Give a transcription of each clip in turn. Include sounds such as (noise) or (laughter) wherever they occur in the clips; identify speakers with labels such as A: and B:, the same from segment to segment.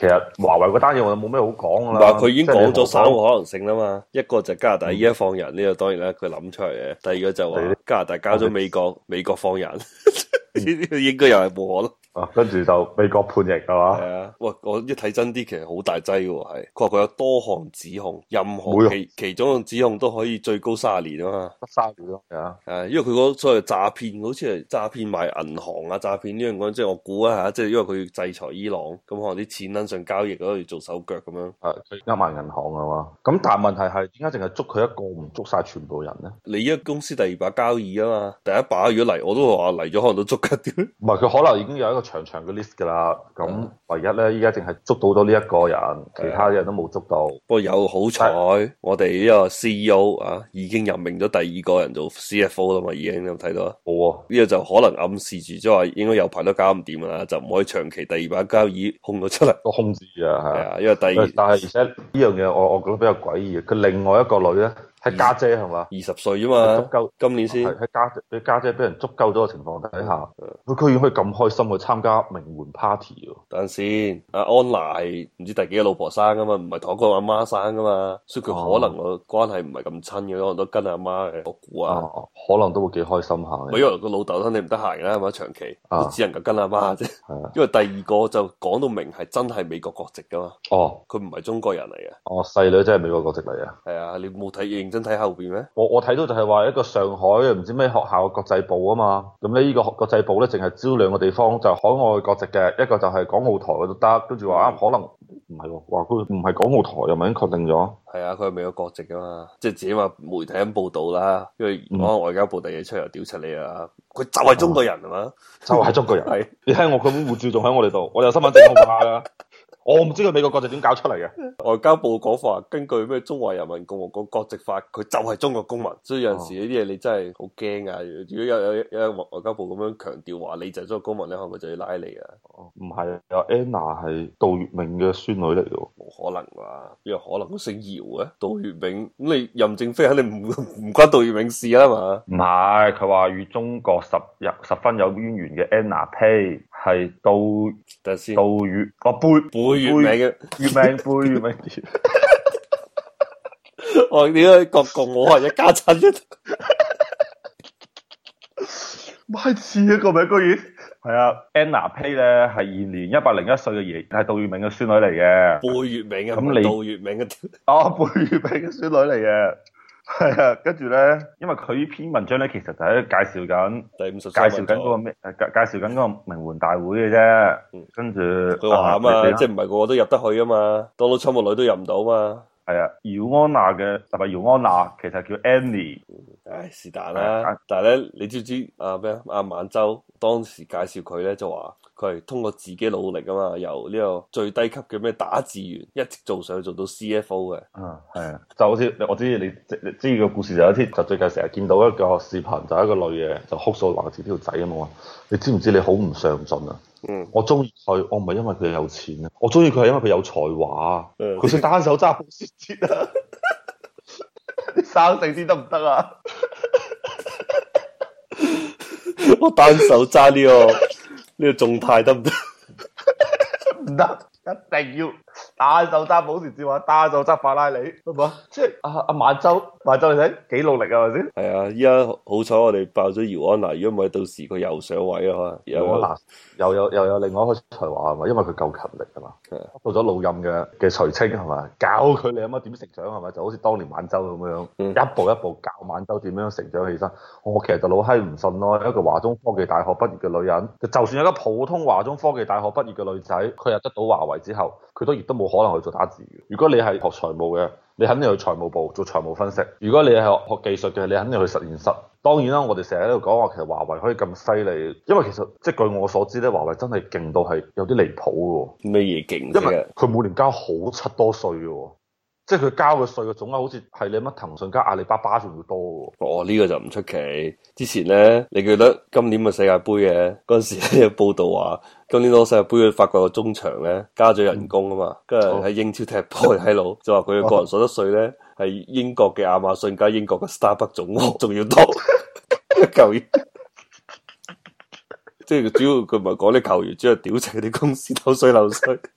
A: 其實華為嗰單嘢，我就冇咩好講噶啦，佢已經講咗三個
B: 可能性啦嘛，一個就加拿大依家放人呢個，嗯、當然啦。佢諗出嚟嘅，第二個就話加拿大交咗美國，嗯、美國放人，呢啲、嗯、 (laughs) 應該又係冇可能。
A: 啊，跟住就美國判刑係嘛？係啊，
B: 喂，我一睇真啲，其實好大劑嘅係，佢話佢有多項指控，任何其用其中指控都可以最高卅年啊嘛，卅年咯，係啊，誒，因為佢嗰所謂詐騙，好似係詐騙賣銀行啊，詐騙呢樣嘢，即係我估啊吓，即係因為佢制裁伊朗，咁可能啲錢登上交易嗰度做手腳咁樣，係佢呃埋銀行啊嘛，咁但係問題係，點解淨係捉佢一
A: 個，唔捉晒全部人咧？你而家公司第二把交椅啊嘛，第一把如果嚟，我都話嚟
B: 咗可能都捉嘅啲，唔係佢可能已經
A: 有一個。長長嘅 list 噶啦，咁唯一咧，依家淨係捉
B: 到咗呢一個人，的其他人都冇捉到。不過有好彩，是我哋呢個 CEO 啊，已經任命咗第二個人做 CFO 啦嘛，已經你有睇到啊。冇啊的，呢個就可能暗示住即係話，應該有排都搞唔掂啦，就唔可以長期第二把交椅控到出嚟，都控制住啊，係啊。因為第二，但係而且呢樣嘢，我我覺得比較詭異，佢另外一個女咧。
A: 係家姐係嘛？二十歲啊嘛，捉鳩今年先。喺家俾家姐俾人捉鳩咗嘅情況底下，佢居然可以咁開心去參加名媛 party，
B: 等陣先。阿安娜係唔知第幾個老婆生噶嘛，唔係同一個阿媽生噶嘛，所以佢可能個關係唔係咁親嘅，我都跟阿媽嘅。我估啊，
A: 可能都會幾開心下嘅。因為
B: 個老豆肯定唔得閒嘅，係嘛長期，只能夠跟阿媽啫。啊，因為第二個就講到明係真係美國國籍噶嘛、哦哦。哦，佢唔係中國人嚟嘅。
A: 哦，細女真係美國國籍嚟啊。
B: 係啊，你冇睇見？
A: 真睇後邊咩？我我睇到就係話一個上海唔知咩學校嘅國際部啊嘛，咁咧呢個國際部咧淨係招兩個地方，就係、海外國籍嘅，一個就係港澳台都得，跟住話啱可能唔係，話佢唔係港澳台又唔係已經確定咗？
B: 係啊，佢係未有國籍噶嘛？即係自己話媒體咁報道啦，因為我外交部第日出嚟又屌出你啊！佢就係中國人係嘛？啊、就係、是、中國人係， (laughs) (laughs) 你睇我佢本護照仲喺我哋度，我有身份證號碼啦。 (laughs) 我唔、哦、知道美國國籍點搞出嚟嘅。外交部講法根據咩中華人民共和國國籍法，佢就係中國公民。所以有陣時呢啲嘢你真係好驚啊！如果有有、有，有外交部咁樣強調話，你就係中國公民你咧，我就要拉你啊。哦，
A: 唔係啊，Anna 係杜月明嘅孫女嚟嘅，冇
B: 可能噶、啊。邊有可能佢姓姚嘅、啊？杜月明咁你任正非肯定唔唔關杜月明事啦嘛。唔係，佢話與中國十日十
A: 分有淵源嘅 Anna Pay。係杜杜月啊，背背月明嘅月明背月明，我
B: 點解國共我係一家親啫？媽閪似
A: 一個名，居然係啊，Anna Pay 咧係現年一百零一歲嘅爺，係杜月明嘅孫女嚟嘅，背月明嘅，咁你背月明嘅，啊背月明嘅孫女嚟嘅。係啊， (noise) 跟住咧，因為佢呢篇文章咧，其實就喺介紹緊，介紹緊嗰個咩，介紹緊個名媛大會嘅啫。跟住佢話啊嘛，即係唔係個個都
B: 入得去啊嘛，多到出木女都入唔到嘛。係啊、哎，姚安娜嘅，唔係姚安娜，其實叫 Annie。唉，是但啦，但係咧，你知唔知啊？咩啊？阿晚舟當時介紹佢咧，就話。佢係通過自己努力啊嘛，由呢個最低級嘅咩打字員一直做上去做到 CFO 嘅。嗯，係啊，就好似我知你
A: 知個故事就有一啲，就最近成日見到一個視頻，就一個女嘅就哭訴話自己條仔啊嘛。我話你知唔知你好唔上進啊？嗯，我中意佢，我唔係因為佢有,有,有錢啊，我中意佢係因為佢有才華。佢想單手揸雪茄啊，你生性先得唔得啊？
B: 我單手揸呢、這個。呢個狀態得唔得？
A: 唔得，thank you。打就揸保時捷啊，打就揸法拉，拉利，係嘛？即係
B: 阿阿晚舟，晚舟你睇幾努力啊？係咪先？係啊，依家好彩我哋爆咗姚安娜，如果唔係，到時佢又上位啊嘛。又嗱，又有又有另外一個才華啊咪？因為佢夠勤力啊嘛。做
A: 咗老任嘅嘅垂青係咪？教佢你阿媽點成長係咪？就好似當年晚舟咁樣，一步一步教晚舟點樣成長起身。我其實就老閪唔信咯，一個華中科技大學畢業嘅女人，就算有個普通華中科技大學畢業嘅女仔，佢入得到華為之後，佢都亦都冇。可能去做打字嘅。如果你係學財務嘅，你肯定去財務部做財務分析。如果你係學技術嘅，你肯定去實驗室。當然啦，我哋成日喺度講話，其實華為可以咁犀利，因為其實即係據我所知咧，華為真係勁到係有啲離譜喎。咩嘢勁？因為佢每年交好七多稅喎。即係佢交嘅稅嘅總額，好似係你乜騰訊加阿里巴巴仲要多
B: 喎。哦，呢個就唔出奇。之前咧，你記得今年嘅世界杯嘅嗰陣時有報道話，今年攞世界杯法國嘅個中場咧加咗人工啊嘛，跟住喺英超踢波，嗨佬就話佢嘅個人所得稅咧係英國嘅亞馬遜加英國嘅 Starbucks 總額仲要多， (laughs) 球員， (laughs) 即係主要佢唔係講啲球員，主要屌死啲公司偷稅漏稅。流水流水。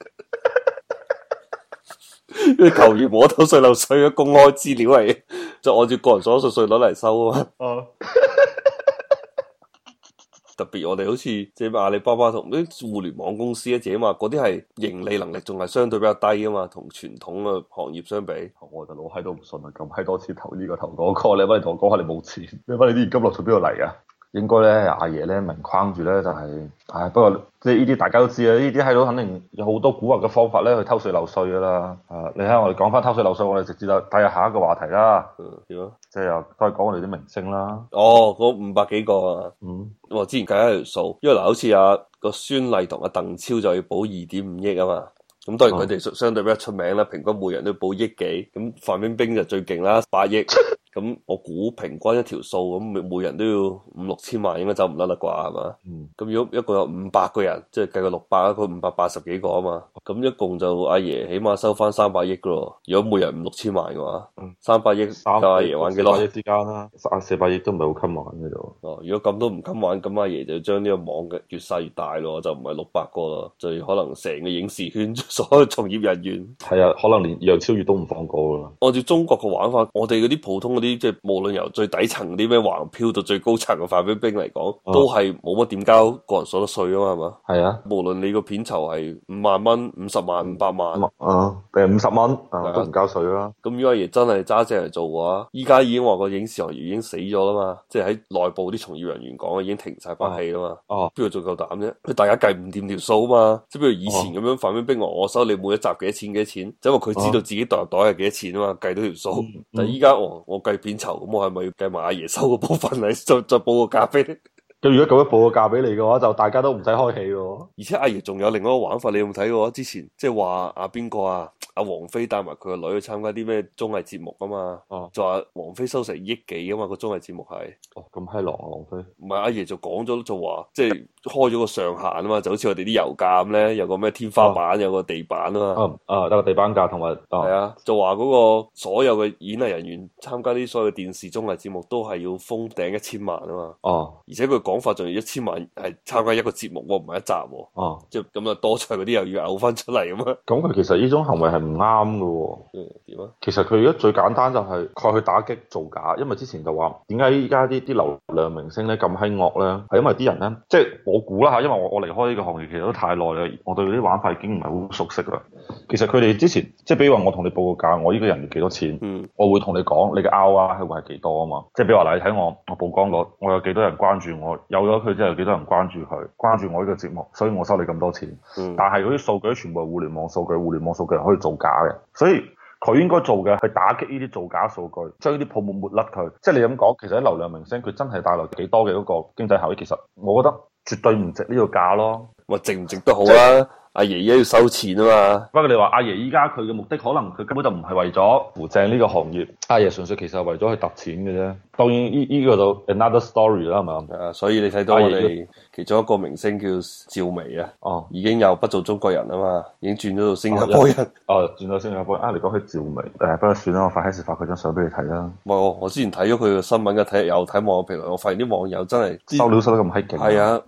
B: (laughs) 因為啲球員偷稅漏稅嘅公開資料嚟， (laughs) 就按照個人所得稅率嚟收啊嘛。哦
A: (laughs)
B: (laughs) 特別我哋好似即係阿里巴巴同啲互聯網公司啊，只嘛嗰啲係盈利能力仲係相對比較低啊嘛，同傳統嘅行業相比。 (laughs) 我就老閪都唔信啊！咁閪多次投呢個投嗰個，你乜你同我講下你冇錢，
A: 你乜你啲現金落從邊度嚟啊？應該咧，阿爺咧，明框住咧，就係、是，唉、哎，不過即係呢啲大家都知啊，呢啲喺度肯定有好多蠱惑嘅方法咧去偷稅漏稅㗎啦。啊，你睇下我哋講翻偷稅漏稅，我哋直接就睇下下一個話題啦。
B: 即係又再講我哋啲明星啦。哦，嗰五百幾個啊。嗯。我之前計咗條數，因為嗱，好似阿個孫儷同阿鄧超就要補二點五億啊嘛。咁當然佢哋相相對比較出名啦，哦、平均每人都要補億幾。咁范冰冰就最勁啦，八億。 (laughs) 咁我估平均一條數，咁每人都要五六千萬，應該走唔甩啦啩，係嘛？咁、嗯、如果一共有五百個人，即係計個六百，一個五百八十幾個啊嘛，咁一共就阿爺起碼收翻三百億嘅咯。如果每人五六千萬嘅話，三百億夠阿爺玩幾耐？三、四百億之間啦。三、四百億都唔係好襟玩嘅啫。哦，如果咁都唔襟玩，咁阿爺就將呢個網嘅越細越大咯，就唔係六百個咯，就可能成個影視圈所有從業人員。係啊，可能連楊超越都唔放過㗎嘛。按照中國嘅玩法，我哋嗰啲普通嘅。啲即係無論由最底層啲咩橫漂到最高層嘅范冰冰嚟講，啊、都係冇乜點交個人所得稅啊嘛，係嘛？係啊，無論你個片酬係五萬蚊、五十萬、五百萬，啊，
A: 定係五十蚊，都唔交稅啦。
B: 咁如果而真係揸正嚟做嘅話，依家已經話個影視行業已經死咗啦嘛，即係喺內部啲從業人員講，已經停晒拍戲啦嘛。哦，邊度仲夠膽啫？大家計唔掂條數啊嘛，即係譬如以前咁樣，范冰冰我收你每一集幾多錢幾多錢，因為佢知道自己袋袋係幾多錢啊嘛，計到條數。但係依家我我計。嗯嗯嗯嗯去片酬咁，我係咪要計埋阿爺收嘅部分啊？ (laughs) 再再報個價俾你，咁 (laughs) 如果咁樣報個價俾你嘅話，就大家都唔使開氣。而且阿爺仲有另外一個玩法，你有冇睇過？之前即係話阿邊個啊？阿王菲帶埋佢個女去參加啲咩綜藝節目啊嘛，就話、啊、王菲收成億幾啊嘛，個綜藝節目係，哦咁係羅王菲，唔係阿爺就講咗就話，即、就、係、係、開咗個上限啊嘛，就好似我哋啲油價咁咧，有個咩天花板，啊、有個地板啊嘛，啊得個、啊、地板價，同埋係啊，就話嗰個所有嘅演藝人員參加啲所有嘅電視綜藝節目都係要封頂一千萬啊嘛，哦、啊，而且佢講法仲要一千萬係參加一個節目，唔係一集、啊，哦、啊，即係咁啊多出嗰啲又要嘔翻出嚟，咁啊，咁佢、
A: 嗯、其實呢種行為係。唔啱嘅喎，點啊？其實佢而家最簡單就係佢去打擊造假，因為之前就話點解依家啲啲流量明星咧咁興惡咧，係因為啲人咧，即係我估啦吓，因為我我離開呢個行業其實都太耐啦，我對啲玩法已經唔係好熟悉啦。其實佢哋之前即係比如話，我同你報個價，我呢個人要幾多錢，我會同你講你嘅 ROI 係會係幾多啊嘛。即係比如話，你睇我我曝光率，我有幾多人關注我，有咗佢之後有幾多人關注佢，關注我呢個節目，所以我收你咁多錢。但係嗰啲數據全部係互聯網數據，互聯網數據可以做假嘅，所以佢應該做嘅係打擊呢啲造假數據，將呢啲泡沫抹甩佢。即係你咁講，其實喺流量明星，佢真係帶來幾多嘅嗰個經濟效益。其實我覺得絕對唔值呢個價咯。喂，值唔值都好啦，啊，
B: 就是，阿爺爺要收錢啊嘛。不過
A: 你話阿爺依家佢嘅目的，可能佢根本就唔係為咗扶正呢個行業。阿爺純粹其實係為咗去
B: 揼錢嘅啫。當然呢呢個就 another story 啦，係嘛？係啊，所以你睇到我哋其中一個明星叫趙薇啊，哦，已經有不做中國人啊嘛，已經轉咗做新加坡人，哦，轉咗做新加坡人。啊，嚟講起趙薇，
A: 誒、啊，不過算啦，我快啲先發佢張相俾你睇啦。
B: 唔係、啊，我之前睇咗佢嘅新聞嘅，睇有睇網友評論，我發現啲網友真係收料收得咁閪勁。係啊，啊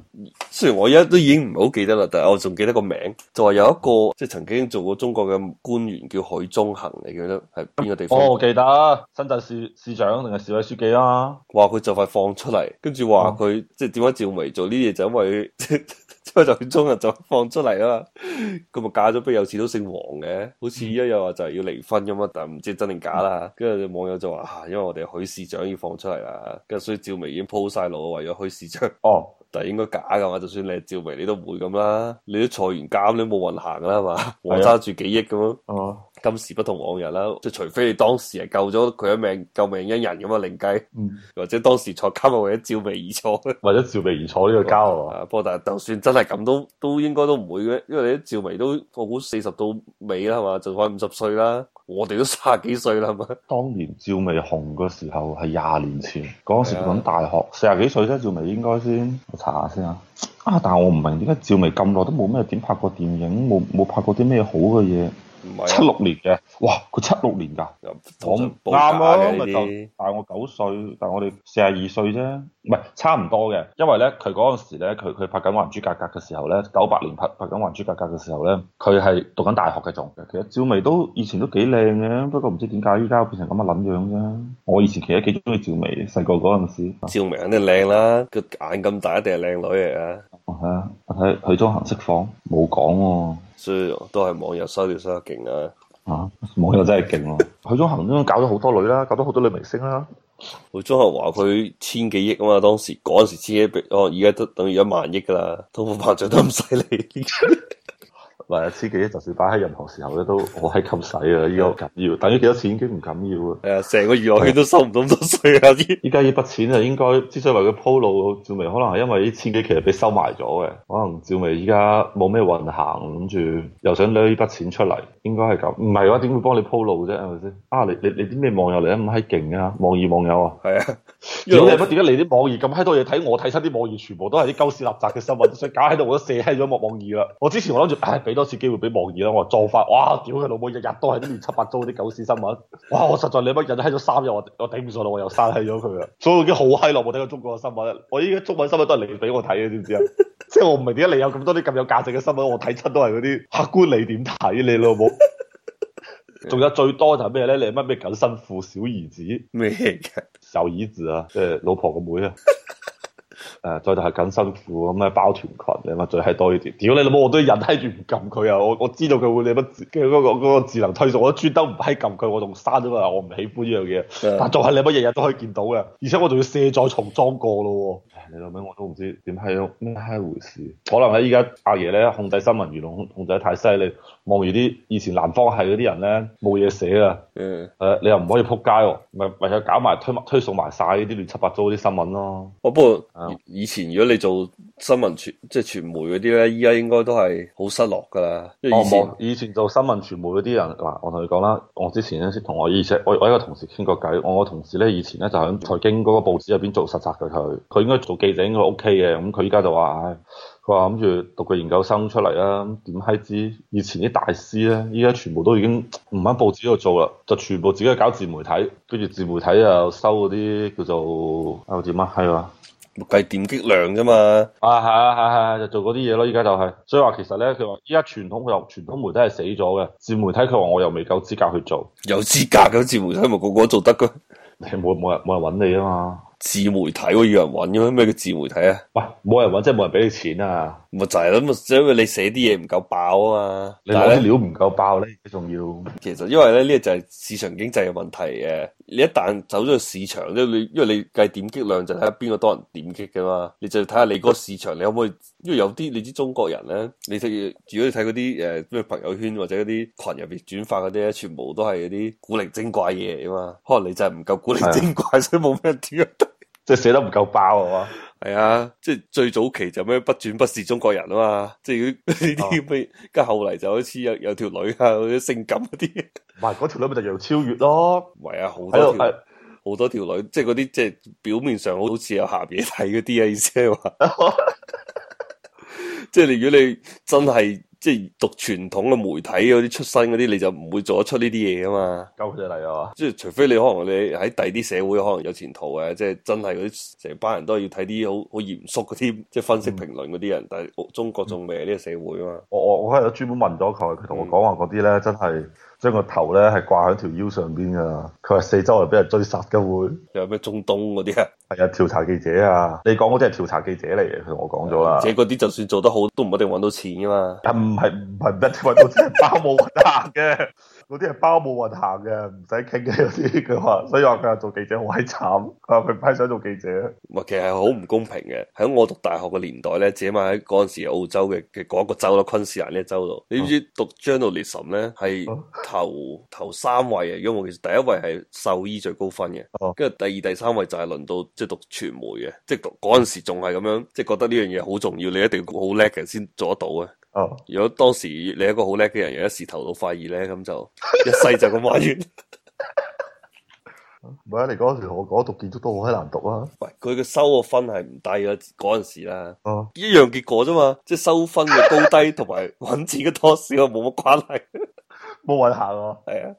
B: 雖然我而家都已經唔係好記得啦，但係我仲記得個名，就話有一個即係曾經做過中國嘅官員叫許宗衡，你記得係邊個地方、哦？我記得，
A: 深圳市市
B: 長定係市委書記。話佢就快放出嚟，跟住話佢即係點解趙薇做呢啲嘢，就因為即係就中日就放出嚟啊！咁 (laughs) 咪嫁咗俾有錢都姓黃嘅，好似一日話就係要離婚咁啊！但係唔知真定假啦。跟住、嗯、網友就話，因為我哋許市長要放出嚟啦，跟住所以趙薇已經鋪晒路，為咗許市長。哦，但係應該假噶嘛？就算你係趙薇你，你都唔會咁啦。你都坐完監，你都冇運行啦嘛？我揸住幾億咁。哦、嗯。嗯嗯今時不同往日啦，即係除非你當時係救咗佢一命，救命恩人咁啊，另計；或者當時坐監啊，嗯、 (laughs) 或者趙薇而坐，或者趙薇而坐呢個交啊。不過 (laughs) 但係，但就算真係咁都都應該都唔會嘅，因為你啲趙薇都我估四十到尾啦，係嘛？仲快五十歲啦，我哋都三十幾歲啦嘛。 (laughs)
A: 當年趙薇紅嘅時候係廿年前，嗰陣 (laughs) 時佢讀緊大學四十幾歲啫，趙薇應該先我查下先啊。啊！但係我唔明點解趙薇咁耐都冇咩點拍過電影，冇冇拍過啲咩好嘅嘢。七六，啊、年嘅，哇！佢七六年噶，我啱啊！咪就、嗯、些大我九歲，但係我哋四廿二歲啫，唔係差唔多嘅。因為咧，佢嗰陣時咧，佢佢拍緊《還珠格格》嘅時候咧，九八年拍拍緊《還珠格格》嘅時候咧，佢係讀緊大學嘅嘅。其實趙薇都以前都幾靚嘅，不過唔知點解依家變成咁嘅諗樣啫。我以前其實幾中意趙薇，細個嗰陣時，時，趙
B: 薇肯定靚啦，個眼咁大一定係靚女嚟嘅。我
A: 睇啊，我睇許宗衡釋放冇講喎。
B: 所以都係網友犀利，收得勁啊！啊，網友真係勁啊！許 (laughs) 宗衡都搞咗好多女啦，搞咗好多女明星啦。許宗衡話佢千幾億啊嘛，當時嗰時千幾億，哦，而家都等於一萬億噶啦，通貨膨脹都咁犀利。 (laughs) 唔係千幾，就算擺喺任何時
A: 候咧，都好係襟使啊！依、這個緊要的，等於幾多錢已經唔緊要啦。係啊，成個娛樂圈都收唔到咁多稅啊！依家依筆錢啊，應該之所以為佢鋪路，趙薇可能係因為啲千幾期啊被收埋咗嘅。可能趙薇依家冇咩運行，諗住又想攞呢筆錢出嚟，應該係咁。唔係嘅話，點會幫你鋪路啫？係咪先？啊，你你你啲咩網友嚟啊？咁閪勁啊！網易網友啊，係啊。點解點解你啲網易咁閪多嘢睇？我睇出啲網易全部都係啲鳩屎垃雜嘅新聞，想搞喺度，我都射閪咗望網易啦。我之前我諗住多次機會俾忘意啦，我就裝翻。哇！屌佢老母，日日都係啲亂七八糟啲狗屎新聞。哇！我實在你乜人閪咗三日，我我頂唔順啦，我又刪咗佢啊！所以我已經好嗨咯，我冇睇過中國嘅新聞。我依家中文新聞都係你俾我睇嘅，知唔知啊？ (laughs) 即係我唔明點解你有咁多啲咁有價值嘅新聞，我睇親都係嗰啲客觀你點睇你老母。仲有最多就係咩咧？你乜咩耿身富小兒子咩嘅？小姨子啊，即係老婆個妹啊。誒，再就係咁辛苦，咁啊包團群你嘛，最係多呢啲。屌你老母，我都忍閪住唔撳佢啊！我我知道佢會你乜？嗰、嗰個嗰、嗰個智能推送我都專登唔閪撳佢，我仲刪咗佢。我唔喜歡呢樣嘢，的但仲係你乜日日都可以見到嘅，而且我仲要卸載重裝過咯。你老母我，我都唔知點係咩閪回事，可能喺依家阿爺咧控制新聞輿論控制得太犀利，望住啲以前南方系嗰啲人咧冇嘢寫啊。嗯，誒的、呃，你又唔可以扑街，咪為咗搞埋
B: 推推，推送埋晒呢啲亂七八糟啲新聞咯。不過、嗯。嗯以前如果你做新聞傳即係傳媒嗰啲咧，依家應該都係好失落噶。因為以前，哦、以前做新聞傳媒嗰啲人，
A: 嗱我同佢講啦，我之前咧先同我以前，我我一個同事傾過偈，我個同事咧以前咧就喺財經嗰個報紙入邊做實習嘅，佢佢應該做記者應該 O K 嘅，咁佢依家就話，唉，佢話諗住讀個研究生出嚟，啦，點閪知以前啲大師咧，依家全部都已經唔喺報紙度做啦，就全部自己搞自媒體，跟住自媒體又收嗰啲叫做
B: 點啊，係嘛？哎計點擊量啫嘛，
A: 啊係啊係係係就做嗰啲嘢咯，依家就係，所以話，其實咧佢話依家傳統又傳統媒體係死咗嘅，
B: 自媒體佢話我又未夠資格去做，有資格嘅自媒體咪個個都做得噶你冇，冇人冇人揾你啊嘛，自媒體要人揾嘅咩叫自媒體啊，體啊喂，冇人揾即係冇人俾你錢啊。咪就係咯，因為你寫啲嘢唔夠爆啊嘛，你攞啲料唔夠爆咧、啊，你仲要其實因為咧呢、呢個、就係市場經濟嘅問題誒，你一旦走咗去市場咧，你因為你計點擊量就睇下邊個多人點擊㗎嘛，你就睇下你個市場你可唔可以，因為有啲你知中國人咧，你睇，如果你睇嗰啲誒咩朋友圈或者嗰啲群入邊轉發嗰啲咧，全部都係嗰啲古靈精怪嘢啊嘛，可能你就係唔夠古靈精怪，是啊、所以冇咩點樣得，即係寫得唔夠爆啊嘛。 (laughs) 係啊，即係最早期就咩不轉不是中國人啊嘛，即係呢啲咩，跟住後嚟就好似有有條女啊，嗰啲性感嗰啲，唔係嗰條女咪就楊超越咯，唔係啊好多條好多條女，即係嗰啲即係表面上好似有下嘢睇嗰啲啊，意思係話， (laughs) (laughs) 即係你如果你真係。即係讀傳統嘅媒體嗰啲出身嗰啲，你就唔會做得出呢啲嘢噶嘛？佢哋嚟啊！即係除非你可能你喺第二啲社會可能有前途嘅，即係真係嗰啲成班人都係要睇啲好好嚴肅啲，即係分析評論嗰啲人。嗯、但係中國仲未係呢個社會啊嘛！我我
A: 我喺度專門問咗佢，佢同我講話嗰啲咧真係。將個頭咧係掛喺條腰上邊噶，佢話四周圍俾人追殺嘅會，
B: 又有咩中東嗰啲啊？係啊，調查記者啊，你講嗰啲係調查記者嚟嘅，佢同我講咗啦。而且嗰啲就算做得好，都唔一定搵到錢噶嘛。啊，唔係
A: 唔一定搵到錢， (laughs) 包冇得嘅。 (laughs) 嗰啲係包冇運行嘅，唔使傾嘅嗰啲。佢話，所以話佢話做記者好鬼
B: 慘。佢話佢唔係想做記者。唔係，其實係好唔公平嘅。喺我讀大學嘅年代咧，起碼喺嗰陣時澳洲嘅，其實嗰個州啦，昆士蘭呢個州度，你知唔知讀 journalism 咧係頭頭三位啊？因為我其實第一位係獸醫最高分嘅，跟住、哦、第二、第三位就係輪到即係、就是、讀傳媒嘅，即係嗰陣時仲係咁樣，即、就、係、是、覺得呢樣嘢好重要，你一定要好叻嘅先做得到啊。哦，如果當時你一個好叻嘅人，有一時頭腦快二咧，咁就一世就咁玩完。
A: 唔係啊，你嗰陣時同我講讀建築都好閪難讀啊。唔
B: 佢嘅收個分係唔低啊，嗰陣時啦。哦、嗯，一樣結果啫嘛，即係收分嘅高低同埋揾錢嘅多少冇乜關係，
A: 冇運 (laughs)
B: 行喎，係啊。